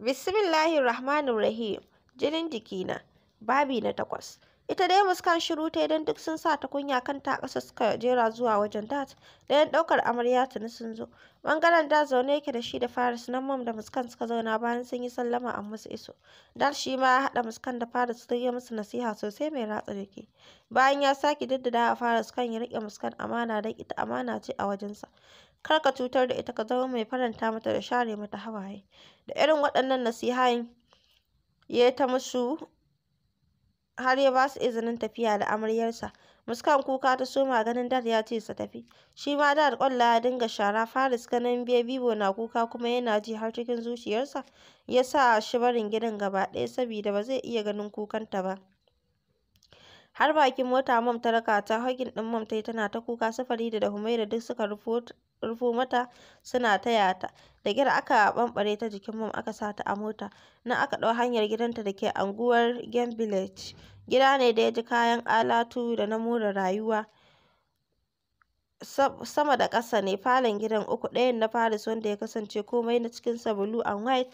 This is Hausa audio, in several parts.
Bismillahir Rahmanir Rahim. Jinin jiki na Babi na takwas. Ita dai muskan shiru ta idan duk sun sa ta kunya ta kasa suka jera zuwa wajen dat da yan ɗaukar amarya tuni sun zo. Bangaren da zaune yake da shi da Faris nan mam da muskan suka zauna bayan sun yi sallama a musu iso. Dat shi ma ya haɗa muskan da Faris sun yi musu nasiha sosai mai ratsa jiki. Bayan ya sake diddida a Faris kan ya riƙe muskan amana don ita amana ce a wajensa. kar ka cutar da ita ka zama mai faranta mata da share mata hawaye da irin waɗannan nasihan ya ta musu har ya ba su izinin tafiya da amaryarsa muskan kuka ta soma ganin dad ya ce sa tafi shi ma dad kwalla ya dinga shara faris ganin bibo na kuka kuma yana ji har cikin zuciyarsa ya sa shi barin gidan gaba ɗaya saboda ba zai iya ganin kukanta ba har bakin mota mam ta raka ta hagin din mam tai tana ta kuka da dahumai da Humaira duk suka rufo mata suna taya ta da gyar aka bambare ta jikin mam aka sa ta a mota na aka ɗau hanyar gidanta da ke anguwar Game Village gida ne da ya ji kayan alatu da na more rayuwa sama da ƙasa ne falon gidan uku ɗayan na Paris wanda ya kasance komai na cikinsa blue and white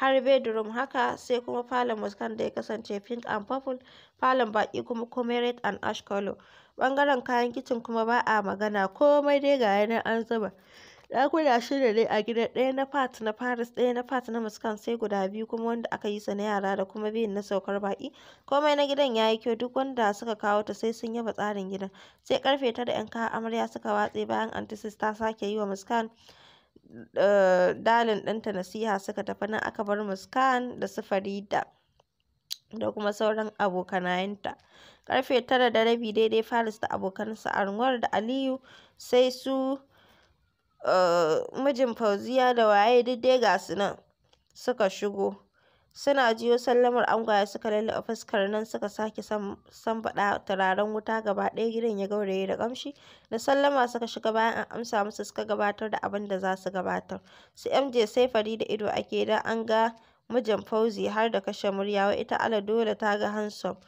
har bedroom haka sai kuma falon muskan da ya kasance pink and purple falon baki kuma komai red and ash color bangaren kayan kicin kuma ba a magana komai dai ga yanar an zuba ɗakuna shida ne a gidan ɗaya na fat na paris ɗaya na part na muskan sai guda biyu kuma wanda aka yi sa na yara da kuma biyun na saukar baƙi komai na gidan ya yi kyau duk wanda suka kawo ta sai sun yaba tsarin gidan sai karfe tara yan kawo amarya suka watse bayan antisis ta sake yi wa muskan Eh, dalin ɗinta nasiha suka tafi nan aka bar muskan da su farida da kuma sauran abokanayenta karfe tara da rabi daidai faris da abokansa anwar da aliyu sai su eh, mijin fauziya da waye duk dai ga nan suka shigo Suna jiyo sallamar angwaya suka lallaɓa fuskar nan suka sake sambaɗa turaren wuta gaba ɗaya gidan ya gauraye da ƙamshi. Da sallama suka shiga bayan an amsa musu suka gabatar da abin da za su gabatar. Su MJ sai fari da ido ake da an ga mijin Fauzi har da kashe murya wai ita ala dole ta ga handsome.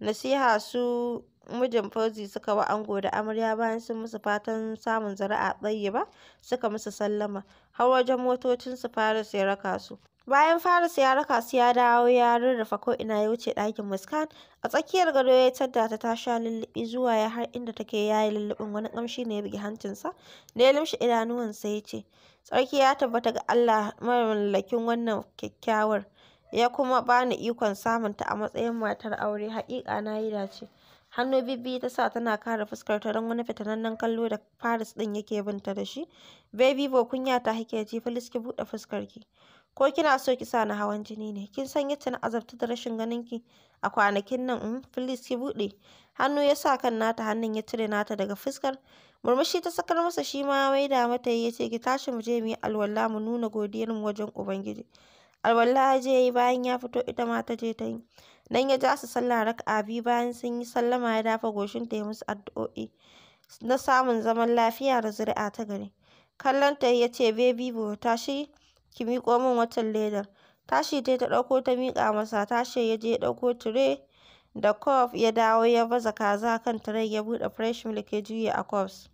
Nasiha su mijin Fauzi suka wa ango da amarya bayan sun musu fatan samun zuri'a ba suka musu sallama har wajen motocin su Faris ya raka su. Bayan Faris ya raka su ya dawo ya ko ko'ina ya wuce ɗakin Muskan, a tsakiyar gado ya tadda ta ta sha lulluɓi zuwa ya har inda take yayi lulluɓin wani ƙamshi ne ya bugi hancinsa, da ya lumshe idanuwansa ya ce, Tsarki ya tabbata ga Allah mamallakin wannan kyakkyawar, ya kuma bani ikon samunta a matsayin matar aure, haƙiƙa na yi dace. hannu bibbi ta sa tana kare fuskarta don wani fitanannen kallo da faris ɗin yake binta da shi. Baby bo kunya ta hike ji Filis ki buɗe fuskarki. ko kina so ki sa ni hawan jini ne kin san yadda na azabta da rashin ganin ki a kwanakin nan in mm, please ki buɗe hannu ya sa kan nata hannun ya cire nata daga fuskar murmushi ta sakar masa shi ma mai da mata ya ce ki tashi mu je mu yi alwala mu nuna godiyar mu wajen ubangiji alwala ya je yi bayan ya fito ita ma ta je ta yi nan ya ja su sallah raka bi bayan sun yi sallama ya dafa goshin ta yi musu addu'o'i na samun zaman lafiya da zuri'a ta gari kallon ta ya ce baby bo tashi ki miƙo min watan ledar. Tashi tai ta ɗauko ta miƙa masa, tashi ya je ya ɗauko tire da kof ya dawo ya baza kaza kan tiren ya buɗe fresh milk ya juye a cups.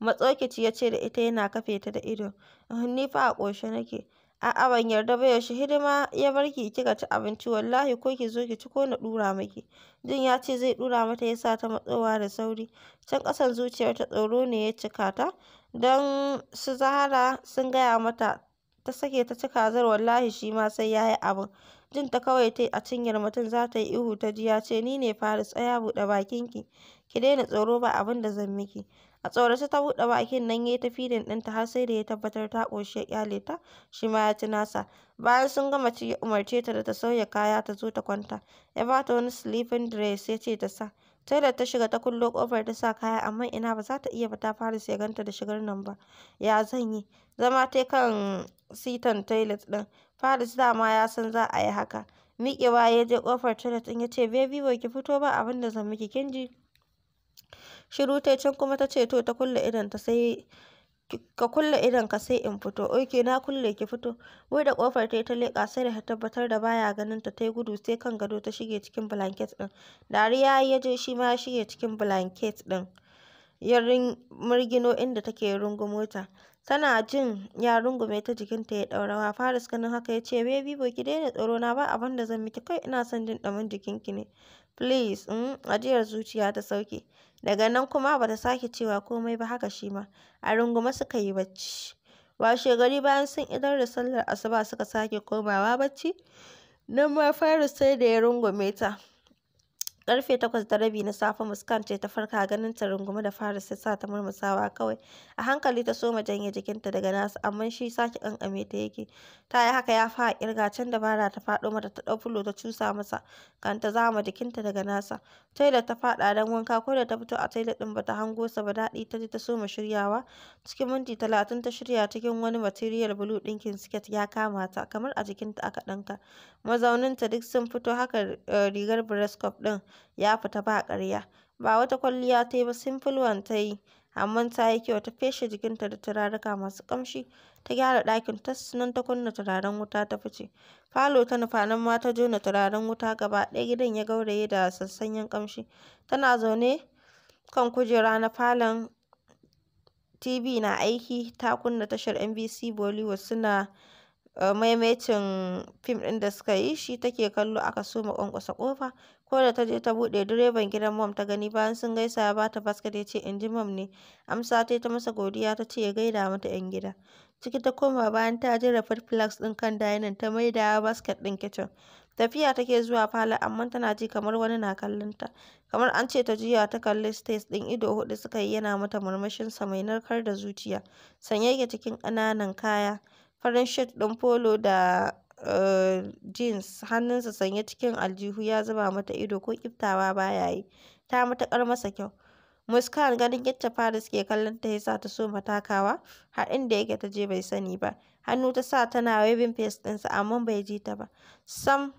Matsokaici ya ce da ita yana kafe ta da ido, uhm, ni fa a ƙoshe nake. A'a ban yarda ba yaushe hidima ya bar ki kika ci abinci wallahi ko ki zo ki ci ko na ɗura maki. Jin ya ce zai ɗura mata ya sa ta matsowa da sauri. Can ƙasan ta tsoro ne ya cika ta. don su Zahra sun gaya mata ta sake ta ci kazar wallahi shi ma sai ya yi abin. Jin ta kawai ta a cinyar mutum za ta yi ihu ta ji ya ce ni ne Faris tsaya buɗe bakinki ki daina tsoro ba abin da zan miki. A tsorace ta buɗe bakin nan ya yi ta fidin ɗinta har sai da ya tabbatar ta ƙoshi ya ƙyale ta shi ma ya ci nasa. Bayan sun gama ci ya umarce ta da ta sauya kaya ta zo ta kwanta. Ya ba ta wani silifin dress ya ce ta sa. Taylor ta shiga ta kullo kofar ta sa kaya amma ina ba za ta iya ba ta fara ganta da shigar nan ba. Ya zan yi? Zama ta kan sitan toilet ɗin. Paris dama ya san za a yi haka. Miƙewa ya je kofar toilet ɗin ya ce baby ba ki fito ba abin da zan miki kin ji. Shiru ta can kuma ta ce to ta kulle idon ta sai ka kulle idon ka sai in fito oke na kulle ki fito wai da kofar ta ta leka sai da tabbatar da baya ganin ta tai gudu sai kan gado ta shige cikin blanket din dariya ya je shi ma ya shige cikin blanket din ya murgino inda take rungumo ta tana jin ya rungume ta jikin ta ya daurawa faris kanin haka ya ce baby boy ki daina tsoro na ba abin da zan miki kai ina son jin jikin jikinki ne please mm, ajiyar zuciya ta sauke Daga nan kuma ba ta sake cewa komai ba haka shi ma, a rungume suka yi barci. shegari bayan sun idar da sallar asuba suka sake komawa bacci nan ma Faris sai da ya rungume ta. Karfe takwas da rabi na safe Muskan ce ta farka ganin ta rungume da fara sai sa ta murmusawa kawai. A hankali ta soma janye jikinta daga nasu amma shi sake kankame ta yake. Ta yi haka ya fa kirga can dabara ta fado mata ta dau fulo ta cusa masa kanta ta zama jikinta daga nasa. Taila ta fada dan wanka ko da ta fito a taila ɗin bata hango sa ba daɗi ta ji ta soma shiryawa. Cikin minti talatin ta shirya cikin wani material blue dinkin siket ya kama ta kamar a jikinta aka danka. mazauninta duk sun fito haka eh, rigar breastcoat ɗin ya fita ba karya Ba wata kwalliya ta yi ba simple one ta yi, amma ta yi kyau ta feshe jikinta da turaruka masu kamshi ta gyara ɗakin tas sunan ta kunna turaren wuta ta fice. Falo ta nufa nan ma ta jona turaren wuta gaba ɗaya gidan ya gauraye da sassanyen kamshi Tana zaune kan kujera na falon, TV na aiki, ta kunna tashar NBC Bollywood suna Eh, maimaicin fim ɗin da suka yi shi take kallo aka soma ƙwanƙwasa ƙofa ko da ta je ta buɗe direban gidan mom ta gani bayan sun gaisa ya bata basket ya ce in ji mom ne amsa ta ta masa godiya ta ce ya gaida mata yan gida ciki ta koma bayan ta jira food flags ɗin kan dining ta maida basket ɗin kitchen tafiya take zuwa falon amma tana ji kamar wani na kallon kamar an ce ta juya ta kalli stage ɗin ido hudu suka yi yana mata murmushin sa mai narkar da zuciya sanye yake cikin ƙananan kaya farin shirt ɗin polo da eh, jeans hannunsa sanye cikin aljihu ya zuba mata ido ko kiftawa ba ya yi ta matuƙar masa kyau Muskan ganin yadda Paris ke kallon ta yasa ta so matakawa har inda yake ta je bai sani ba. Hannu ta sa tana waving face ɗinsa amma bai ji ta ba. Sam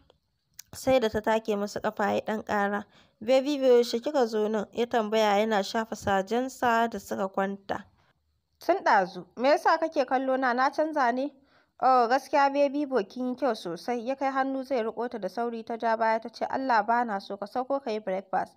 sai da ta take masa kafa ya ɗan ƙara. Baby shi kika zo nan? ya tambaya yana shafa sajensa da suka kwanta. Sun ɗazu, me yasa kake kallo na na canza ne? Oh, gaskiya baby bokin yi kyau sosai. Ya kai hannu zai riƙo ta da sauri ta ja baya ta ce Allah bana na so ka sauko ka yi breakfast.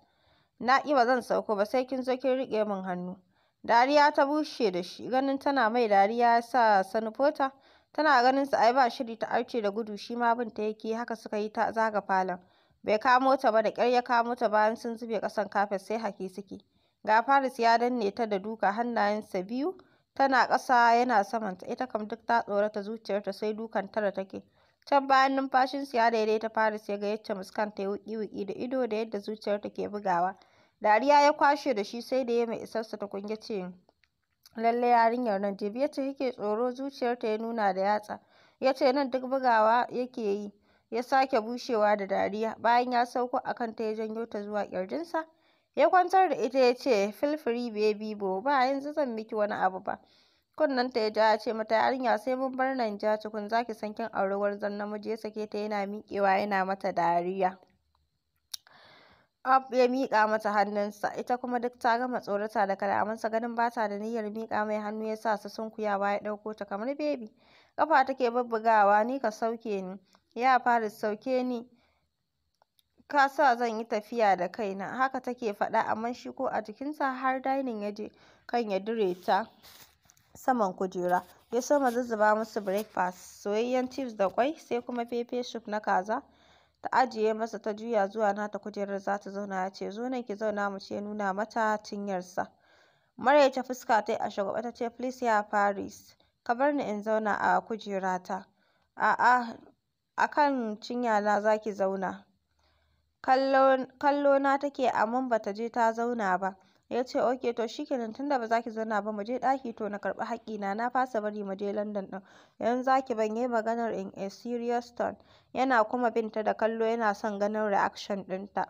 Na ƙi ba zan sauko ba sai kin zo kin riƙe min hannu. Dariya ta bushe da shi, ganin tana mai dariya ya sa sanufota. Tana ganin sa ai ba shiri ta arce da gudu shi ma bin ta yake haka suka yi ta zaga falon. Bai kamo ta ba da ƙyar ya kamo ta bayan sun zube ƙasan kafet sai haki suke. Ga Faris ya danne ta da duka hannayensa biyu. tana ƙasa yana samanta ita kam duk ta tsorata zuciyarta sai dukan tara take can bayan numfashinsu ya daidaita faris ya ga yacce muskan ta yi wuƙi-wuƙi da ido da yadda zuciyarta ke bugawa dariya ya kwashe da shi sai da ya mai isarsa ta kunya ce lalle yarinyar nan jibi yace yake tsoro zuciyarta ya nuna da yatsa Yace nan duk bugawa yake yi ya sake bushewa da dariya bayan ya sauko akan ta ya janyo ta zuwa ƙirjinsa Ya kwantar da ita ya ce, Feel free baby bo, ba yanzu zan miki wani abu ba. ta ya ja ya ce mata yarinya sai mun bar nan ja tukun za ki san kin aurewar zan namiji ya sake ta yana miƙewa yana mata dariya. Ab ya miƙa mata hannunsa, ita kuma duk ta gama tsorata da kalamansa ganin ba ta da niyyar miƙa mai hannu ya sa su sunkuyawa ya ɗauko ta kamar bebi. Ƙafa take babbugawa ni ka sauke ni, ya fara sauke ni. ka sa zan yi tafiya da kaina, haka take faɗa amma shi ko a jikinsa har dainin ya je kan ya dure ta saman kujera. Ya soma zuzzuba musu breakfast, soyayyen chips da kwai, sai kuma pepe soup na kaza. Ta ajiye masa ta juya zuwa nata kujerar za ta zauna ya ce zo nan ki zauna mu ce nuna mata cinyarsa. Maryam ta fuska ta yi a shagwaɓe ta ce please ya Paris ka bar ni in zauna a kujerata. A'a a kan cinyana za ki zauna. kallo na take amman ba ta je ta zauna ba. Ya ce ok to shi nan tunda ba za ki zauna ba mu je ɗaki to na karɓi haƙƙina na na fasa bari mu je London ɗin. Yanzu za ki ban yi maganar in a serious tone. Yana kuma binta da kallo yana son ganin reaction ɗinta.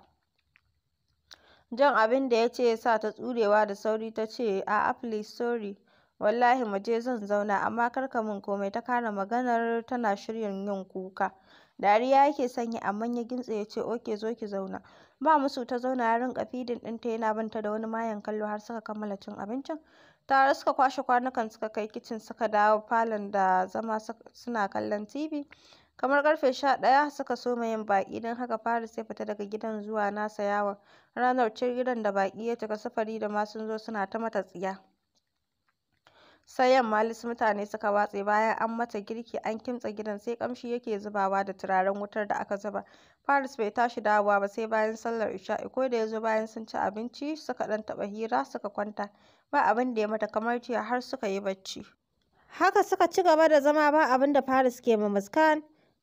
Jan abin da ya ce ya sa ta tsurewa da sauri ta ce a'a please sorry. wallahi mu je zan zauna amma kar ka min komai ta kare maganar tana shirin yin kuka Dariya yake son yi amma ya gintse ya ce oke zo ki zauna. Ba musu ta zauna ya rinka fidin ɗinta yana banta da wani mayan kallo har suka kammala cin abincin. Tare suka kwashe kwanukan suka kai kicin suka dawo falon da zama suna kallon TV. Kamar karfe sha ɗaya suka soma yin baƙi don haka fara sai fita daga gidan zuwa nasa yawon. Ranar ce gidan da baki ya cika sufari da ma sun zo suna ta mata tsiya. sai yamma mutane suka watse bayan an mata girki an kimtsa gidan sai kamshi yake zubawa da turaren wutar da aka zuba faris bai tashi dawowa ba sai bayan sallar isha'i ko da ya zo bayan sun ci abinci suka dan taba hira suka kwanta ba abin da ya mata kamar jiya har suka yi bacci haka suka ci gaba da zama ba abin da faris ke ma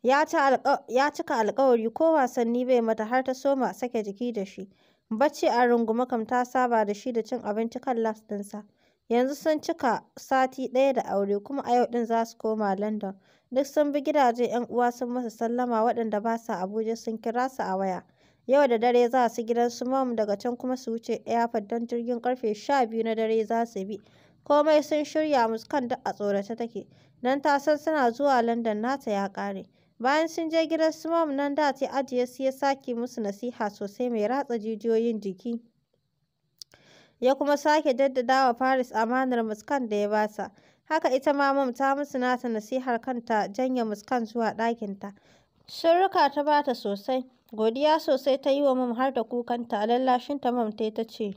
ya cika alkawari ko wasanni bai mata har ta soma sake jiki da shi bacci a rungume kam ta saba da shi da cin abinci kan las ɗinsa Yanzu sun cika sati ɗaya da aure kuma a yau ɗin za su koma London. Duk sun bi gidaje 'yan uwa sun masa sallama waɗanda ba sa Abuja sun kira su a waya. Yau da dare za su gidan su mom daga can kuma su wuce airport don jirgin ƙarfe 12 na dare za su bi. Komai sun shirya muskan duk a tsorata take. nan ta san suna zuwa London nata ya ƙare. Bayan sun je gidan su mom nan da ta ajiye su ya sake musu nasiha sosai mai ratsa jijiyoyin jiki. ya kuma sake jaddada wa Paris amanar muskan da ya basa. Haka ita ma mam ta musu nata nasihar kanta janye muskan zuwa ɗakinta. Shirka ta bata sosai, godiya sosai ta yi wa mam har da kukanta a lallashinta mam ta ta ce.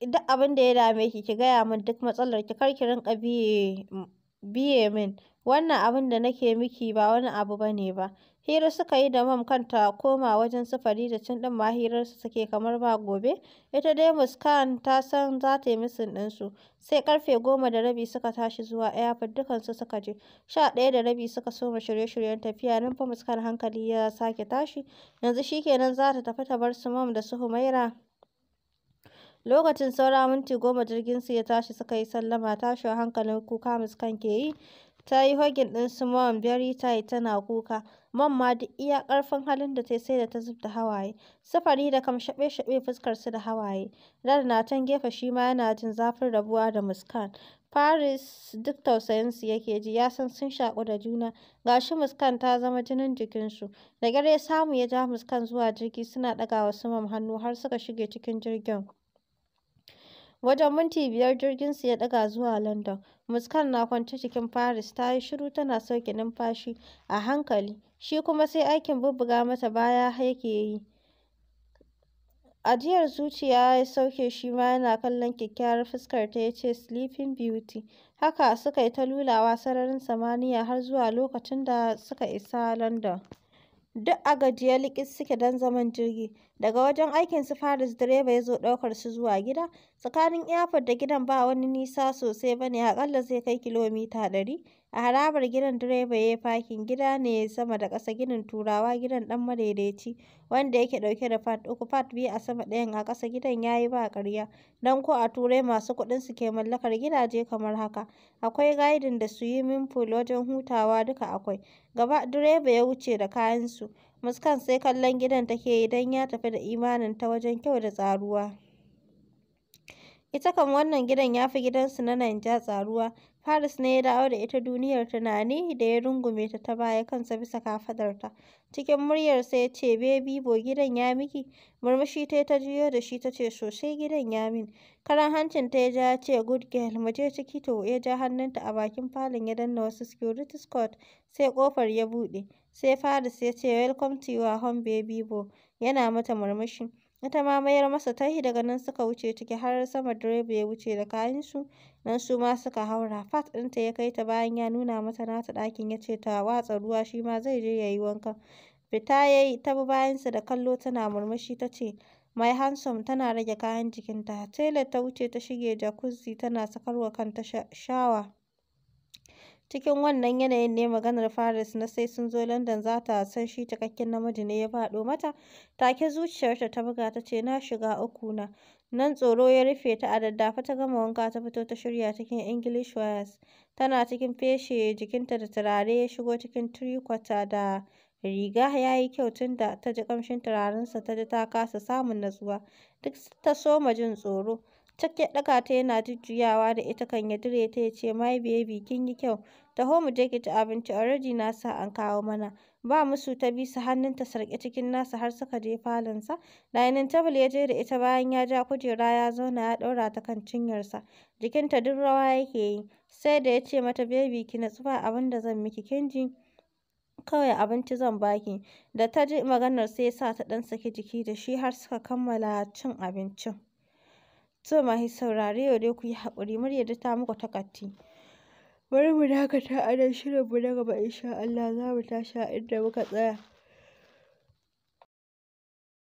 Duk abin da ya dame ki ki gaya min duk matsalar ki kar ki rinka biye biye min wannan abin da nake miki ba wani abu bane ba Hira suka yi da mam kanta koma wajen su da cin ɗin ma su suke kamar ba gobe. Ita dai Muskan ta san za ta yi misin ɗinsu. Sai karfe goma da rabi suka tashi zuwa airport dukansu suka je. Sha ɗaya da rabi suka soma shirye-shiryen tafiya nan fa Muskan hankali ya sake tashi. Yanzu shikenan za ta tafi ta bar su mam da su Humaira. Lokacin saura minti goma jirgin su ya tashi suka yi sallama tashi hankalin kuka Muskan ke yi. Ta yi hogin ɗin su mam ta yi tana kuka. man ma duk iya ƙarfin halin da ta yi sai da ta zubta hawaye. safari da kam shaɓe-shaɓe fuskarsu da hawaye. Dad na can gefe shi ma yana jin zafin rabuwa da Muskan. Paris duk tausayinsu yake ji, ya san sun shaƙu da juna, ga shi Muskan ta zama jinin jikinsu. Da gare ya samu ya ja Muskan zuwa jirgi suna ɗaga wa Sumam hannu har suka shige cikin jirgin. Wajen minti biyar jirginsu ya ɗaga zuwa London. Muskan na kwance cikin Paris ta yi shiru tana sauke numfashi a hankali, shi kuma sai aikin bubbuga mata baya yake yi. Ajiyar zuciya ya sauke shi ma yana kallon kyakkyawar ta ya ce Sleeping Beauty. Haka suka yi ta lulawa sararin samaniya har zuwa lokacin da suka isa London. Duk a gajiye likis suke don zaman jirgi. Daga wajen aikin su Faris direba ya zo ɗaukar su zuwa gida. Tsakanin airport da gidan ba wani nisa sosai ba ne, aƙalla zai kai kilomita ɗari. A harabar gidan direba ya yi fakin gida ne sama da ƙasa ginin turawa gidan ɗan madaidaici wanda yake ɗauke da fat uku fat biyu a sama ɗayan a ƙasa gidan ya yi ba ƙarya don ko a turai masu kuɗin su ke mallakar gidaje kamar haka akwai gadin da swimming pool wajen hutawa duka akwai gaba direba ya wuce da kayan su muskan sai kallon gidan take yi don ya tafi da imanin ta wajen kyau da tsaruwa ita kam wannan gidan ya fi gidansu na Nanja tsaruwa Paris ne ya dawo da ita duniyar tunani da ya rungume ta ta baya kansa bisa kafadarta. Cikin muryar sai ya ce, Baby bo gidan ya miki, murmushi ta ta juyo da shi ta ce, Sosai gidan ya min. Karan hancin ta ya ja ce, Good girl, mu je ciki to ya ja hannunta a bakin falon ya danna wasu security squad sai kofar ya buɗe. sai Faris ya ce welcome to your home baby boy yana mata murmushi. Ita ma mayar masa tahi daga nan suka wuce ciki har sama direba ya wuce da kayansu nan su ma suka haura. Fat ɗinta ya kai ta bayan ya nuna mata nata ɗakin ya ce ta watsa ruwa shi ma zai je ya yi wanka. Fita ya yi ta bayansa da kallo tana murmushi ta ce My handsome tana rage kayan jikinta. Taylor ta wuce ta shige jacuzzi tana sakarwa kanta shawa. Cikin wannan yanayin ne maganar Paris na sai sun zo London za ta san shi cikakken namiji ne ya faɗo mata. Take zuciyarta ta buga ta ce na shiga uku na. Nan tsoro ya rufe ta a daddafa ta gama wanka ta fito ta shirya cikin English wires. Tana cikin feshe jikinta da turare ya shigo cikin turikwata da riga ya yi kyau tun da ta ji ƙamshin turarensa ta ji ta kasa samun natsuwa. Duk ta soma jin tsoro. Chuck ɗaga ta yana jujjuyawa da ita kan ya dire ta ya ce my baby kin yi kyau. Taho mu je ki ci abinci already na sa an kawo mana. Ba musu ta bi su ta sarƙe cikin nasa har suka je falonsa. Dining table ya je da ita bayan ya ja kujera ya zauna ya ɗaura ta kan cinyarsa. Jikinta duk rawa yake yi. Sai da ya ce mata baby ki natsu ba abin da zan miki kin ji. kawai abinci zan baki da ta ji maganar sai ya sa ta ɗan saki jiki da shi har suka kammala cin abincin So masu saurare yau dai ku yi haƙuri muryar ta muku takatti. Bari mu dakata a nan shirinmu na gaba insha Allah za mu tashi a inda muka tsaya.